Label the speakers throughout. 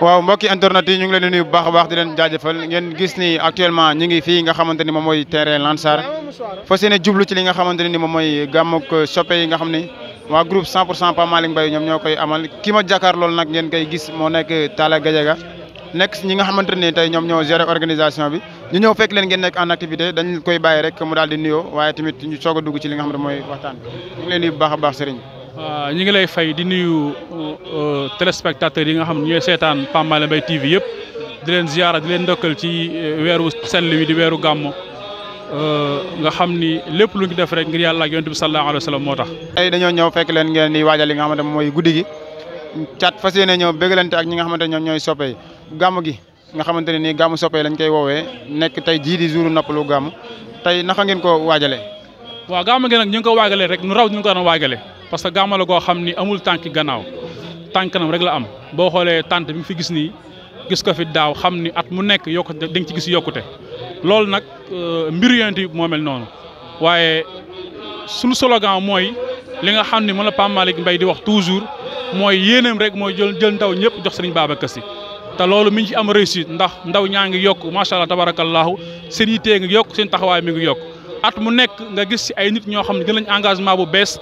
Speaker 1: waaw mbokki internet yi ñu ngi leen di nuyu bu baax a baax di leen jaajëfal ngeen gis ni actuellement ñu ngi fii nga xamante ni moom mooy terrain Lansar fas yéene jublu ci li nga xamante ne ni moom mooy gàmmuk soppe nga xam ni waa groupe 100 pour 100 Pa Malick Mbaye ñoom ñoo koy amal ki ma jàkkaar loolu nag ngeen koy gis moo nekk Talla Gadiaga nekk ñi nga xamante ne tey ñoom ñoo gérer organisation bi ñu ñëw fekk leen ngeen nekk en activité dañ koy bàyyi rek mu daal di nuyoo waaye tamit ñu soog dugg ci li nga xam ne mooy waxtaan bi ñu ngi leen di bu baax baax
Speaker 2: Ah, ñi ngi lay fay di nuyu euh, téléspectateurs yi nga xam ñoy sétane Pamale mbay TV yépp di len ziarra di len ndokkal ci euh, wéru sell wi di weeru gamu euh, nga xam ni lépp lu ngi def rek ngir yalla ak yonent bi sallallahu alayhi wasallam motax
Speaker 1: ay dañu tey fekk len ngeen ni wajali nga xamante moy guddi gi cat fas yéene ñëw ak ñi nga xamante ñom ñoy sopé gamu gi nga xamante ni gamu sopé lañ koy wowe nek tay ji di jouru nopplu gàmm tay naka ngeen ko wajale
Speaker 2: wa gamu gi nak ñu ko waajalee rek nu raw ñu ko daan parce que gàmmu goo xam ni amul tànk gannaaw tànk kanam rek la am boo xoolee tànt bi nga fi gis nii gis ko fi daaw xam ni at mu nekk yokkute da nga ci gis yokkute loolu nag euh, mbir yonent bi moo mel noonu waaye suñu slogan mooy li nga xam ni mën la Pape Malick Mbaye di wax toujours mooy yéeneem rek mooy jël jël ndaw ñëpp jox Serigne Babacar Sy te loolu mi ngi ci am réussite ndax ndaw ñaa ngi yokk macha allah tabarakallahu seen yittee ngi yokk seen taxawaay mi ngi yokk at mu nekk nga gis ci ay nit ñoo xam ne jël nañ engagement bu bees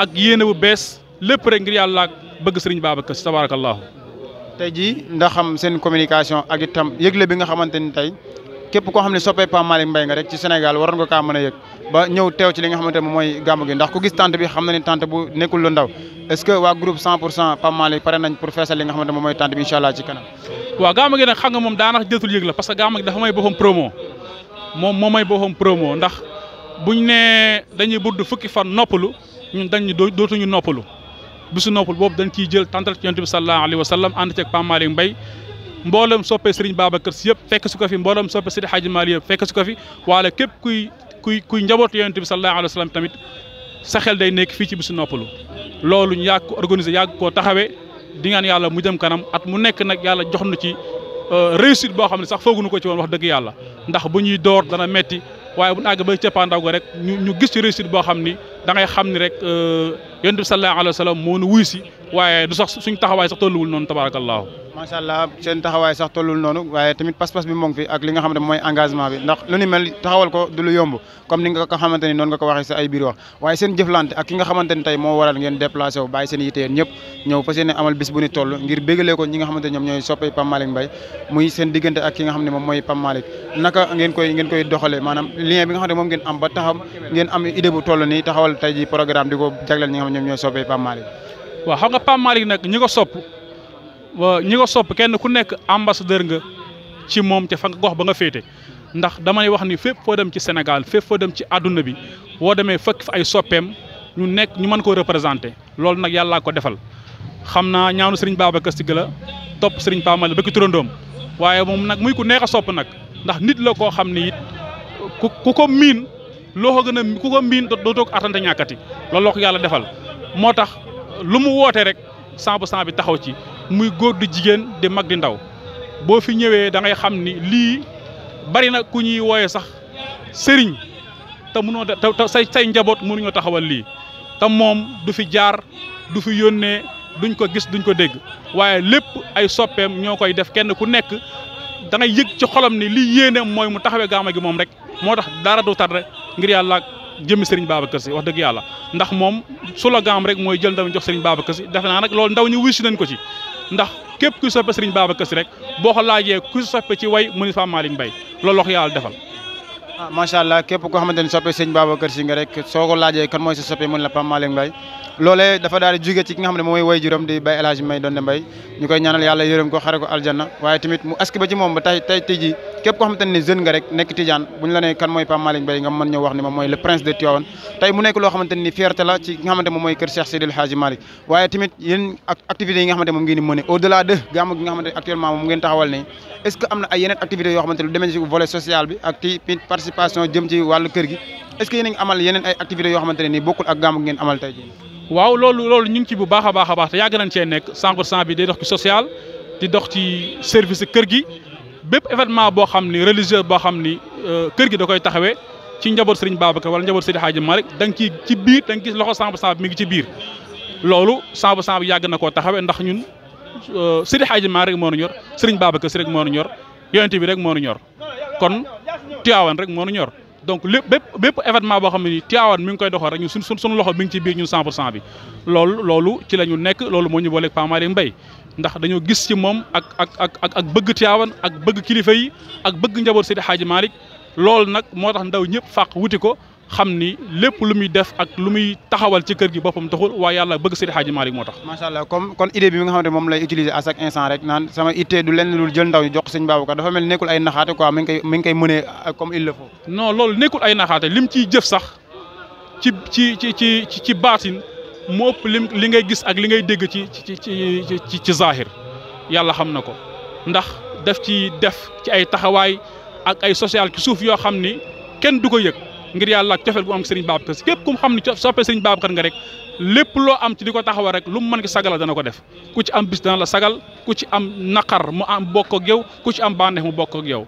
Speaker 2: ak yéene bu bees lépp rek ngir yàlla bëgg sëriñ Babacar Sy tabaarakallaahu
Speaker 1: tey jii ndax xam seen communication ak itam yëgle bi nga xamante ni tey képp koo xam ne soppee Pape Malick Mbaye nga rek ci Sénégal waroon ko kaa a yëg ba ñëw teew ci moom mooy gàmmu gi ndax ku bi xam na ne tante bu nekkul lu ndaw est-ce que waa groupe 100 pour cent Pape moom xam nga moom daanaka jëtul yëg la parce que gàmmu gi dafa may boppam promo
Speaker 2: moom moo may boppam promo ndax buñ ne dañuy budd fukki fan noppalu ñun dañ ñu dootuñu noppalu bisu noppal boobu dañ ciy jël tàntal ci yonent bi sallallahu alayhi wa sallam ànd ceeg Pape Malick Mbaye mboolem soppe Serigne si yëpp fekk su ko fi mboolem soppe Seydi Hadji Malick yëpp fekk su ko fi waala képp kuy kuy kuy njabootu yonent bi sallallahu tamit sa xel day nekk fii ci bisu noppalu loolu ñu yàgg ko organiser yàgg koo taxawee di ngaan yàlla mu jëm kanam at mu nekk nag yàlla jox na ci euh, réussite boo xam ne sax fooguñu ko ci woon wax dëgg yàlla waaye bu ñu àgg ba cëppaandaw rek ñu ñu gis ci réussite boo xam ni da xam ni rek euh, yonent bi sallallahu alayhi wa sallam nu wuy si waaye du sax suñ taxawaay sax tolluwul noonu tabaarakallaahu
Speaker 1: macha allah seen taxawaay sax tolluwul noonu waaye tamit pas-pas bi mu fi ak li nga xam ne mooy engagement bi ndax lu ni mel taxawal ko du lu yomb comme ni nga ko xamante ni noonu nga ko waxee sa ay biir wax waaye seen jëflante ak ki nga xamante ni tey moo waral ngeen déplacé wu bàyyi seen yitte yéen ñëpp ñëw fas yéene amal bis bu ni toll ngir bégalee ko ñi nga xamante ñoom ñooy soppe Pape Malick muy seen diggante ak ki nga xam ne moom mooy Pape Malick naka ngeen koy ngeen koy doxalee maanaam lien bi nga xam ne moom ngeen am ba taxam ngeen am idée bu toll nii taxawal ji programme di ko jagleel ñi waa xam nga Pape Malick nag ñi ko sopp ñi ko
Speaker 2: sopp kenn ku nekk ambassadeur nga ci moom ca fa nga gox ba nga féete ndax damay wax ni fépp foo dem ci Sénégal fépp foo dem ci àdduna bi boo demee fekk fa ay soppeem ñu nekk ñu mën koo représenté loolu nag yàlla ko defal xam naa ñaanu sëriñ Babacar Sy la topp sëriñ Pape Malick bëgg turandoom waaye moom nag muy ku neex a sopp nag ndax nit la koo xam ni it ku ku ko miin loo ko gën a ku ko miin dootoo ko attante ñàkkati loolu yàlla defal lu mu woote rek 100 pour bi taxaw ci muy góor du jigéen di mag di ndaw boo fi ñëwee da ngay xam ni lii bari na ku ñuy wooye sax sëriñ te mënoo te say say njaboot mënuñoo taxawal lii te moom du fi jaar du fi yónnee duñ ko gis duñ ko dégg waaye lépp ay soppeem ñoo koy def kenn ku nekk da ngay yëg ci xolam ni lii yéene mooy mu taxawee gaama gi moom rek moo tax dara du tar rek ngir yàlla jëmmi Serigne Babacar Sy wax dëgg yàlla ndax moom slogan rek mooy jël ndam jox Serigne baaba Sy defe naa nag loolu ndaw ñi wuy si nañ ko ci ndax képp kuy soppe Serigne Babacar Sy rek boo ko laajee kuy soppe ci way mu ni Pape Malick Mbaye loolu wax defal
Speaker 1: ah macha allah koo xamante ni soppe Serigne Babacar Sy nga rek soo ko laajee kan mooy sa soppe mu ni la Pape Malick Mbaye loolee dafa daal di jóge ci ki nga xam ne mooy way juróom di Baye El Hadj Mbaye doon de Mbaye ñu koy ñaanal yàlla yërëm ko xare ko aljanna waaye tamit mu aski ba ci moom ba tay tay képp koo xamante ne jeune nga rek nekk Tidiane mu nekk loo xamante ni fierté la ci nga xamante moom mooy kër Cheikh Seydil Hadji Malick waaye tamit yéen activités yi nga xamante ngeen di mëne au est ce que am ay yeneen activités yoo xamante lu demee ci volet social bi activités yoo xamante ne bokkul ak gàmm gi ngeen amal tey
Speaker 2: waaw loolu loolu ci bu baax a baax a baax te yàgg nañ nekk 100 pour cent bi day dox ci social di dox ci service kër bépp événement boo xam ni religieux boo xam ni euh, kër gi da koy taxawee ci njaboot Serigne Babacar wala njaboot Serigne Hadji Malick da nga ciy ci biir da nga loxo 100% bi mi ngi ci biir. loolu 100% bi yàgg na koo taxawee ndax ñun euh, Serigne Hadji Malick rek moo nu ñor Serigne Babacar si rek moo nu ñor yonent bi rek moo nu ñor kon Tivaouane rek moo nu ñor. donc lépp bépp bépp événement boo xam ne nii Tivaouane mi ngi koy doxal rek ñu suñ suñu loxo mi ngi ci biir ñun 100 pour cent bi loolu loolu ci la ñu nekk loolu moo ñu booleeg Pape Malick Mbaye ndax dañoo gis ci moom ak ak ak ak ak bëgg Tivaouane ak bëgg kilifa yi ak bëgg njaboot Seydi xaaj Malick loolu nag moo tax ndaw ñëpp fàq wuti ko xamni lépp lu muy def ak lu muy taxawal ci kër gi bopam taxul wa yàlla bëgg Seydi Hadji malik motax
Speaker 1: ma sha allah comme kon idée bi nga xamante mom lay utiliser à chaque instant rek nan sama ité du lenn lu jël ndaw ñu jox sëñ Babacar dafa mel nekul ay naxate quoi mi ngi mi ngi mëne comme il le faut
Speaker 2: non lool nekul ay naxate lim ci jëf sax ci ci ci ci ci ci baatin moo ëpp li ngay gis ak li ngay dégg ci ci ci ci ci zahir yàlla xam nako ndax def ci def ci ay taxaway ak ay social ci souf yo xamni kenn du ko yëg ngir yàlla ak cofeel gu am sëriñ Babacar si kum xam ne soppee sëriñ Babacar nga rek lépp loo am ci di ko taxawal rek lu mu mën ki sagal dana ko def ku ci am bis dana la sagal ku ci am naqar mu am bokk ak yow ku ci am bànneex mu bokk ak yow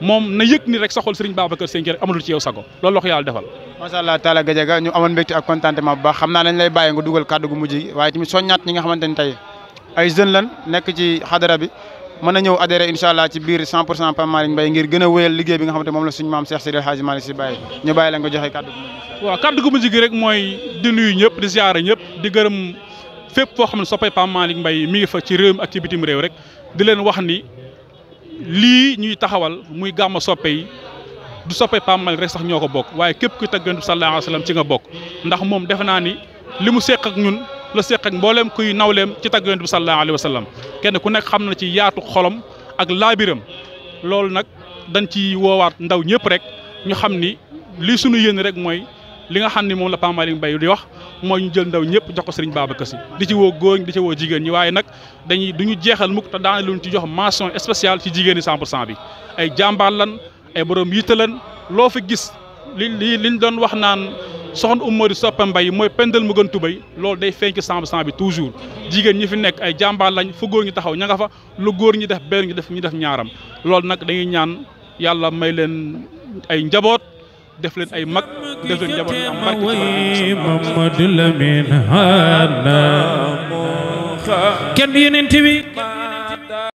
Speaker 2: moom na yëg ni rek saxol sëriñ Babacar Sy rek amul ci yow sago loolu la ko yàlla defal
Speaker 1: macha allah taala Gadiaga ñu amoon mbégte a contentement bu baax xam naa dañ lay bàyyi nga dugal kàddu gu mujj waaye nekk ci xadara bi mën a ñëw adhéré incha allah ci biir 100 pour cent Pape Malick ngir gën a wéyal liggéey bi nga xamante moom la suñu maam Cheikh Seydil Hadji Malick bàyyi ñu bàyyi la nga joxe kàddu gi
Speaker 2: waaw kàddu rek mooy di nuyu ñëpp di ziare ñëpp di gërëm fépp foo xam ne soppay Pape Malick Mbaye mi ngi fa ci réew mi ak ci bitim réew rek di leen wax ni lii ñuy taxawal muy gàmma soppe du soppe Pape Malick rek sax ñoo ko bokk waaye képp ku taggantu sallallahu alayhi wa sallam ci nga bokk ndax li mu seq ak ñun la séq ak mbooleem kuy nawleem ci tagg yonent bi sallallahu alayhi wa sallam kenn ku nekk xam na ci yaatu xolom ak laabiram loolu nag dañ ci woowaat ndaw ñëpp rek ñu xam ni li sunu yéen rek mooy li nga xam ni moom la Pape Malick Mbaye di wax mooy ñu jël ndaw ñëpp jox ko Serigne Babacar Sy di ci woo góor di ci woo jigéen ñi waaye nag dañuy du ñu jeexal mukk te daana luñ ci jox mention spéciale ci jigéen ñi 100 pour cent bi ay jàmbaar lan ay borom yitte lan loo fi gis li li liñ doon wax naan soxon Umu Mody Sopé Mbaye mooy pendal mu gën tubay loolu day feeñ ci cent bi toujours jigéen ñi fi nekk ay jàmbaar lañ fu góor ñi taxaw ña nga fa lu góor ñi def benn ñu def ñu def ñaaram loolu nag dañuy ñaan yàlla may leen ay njaboot def leen ay mag def leen njaboot am barke kenn yeneen bi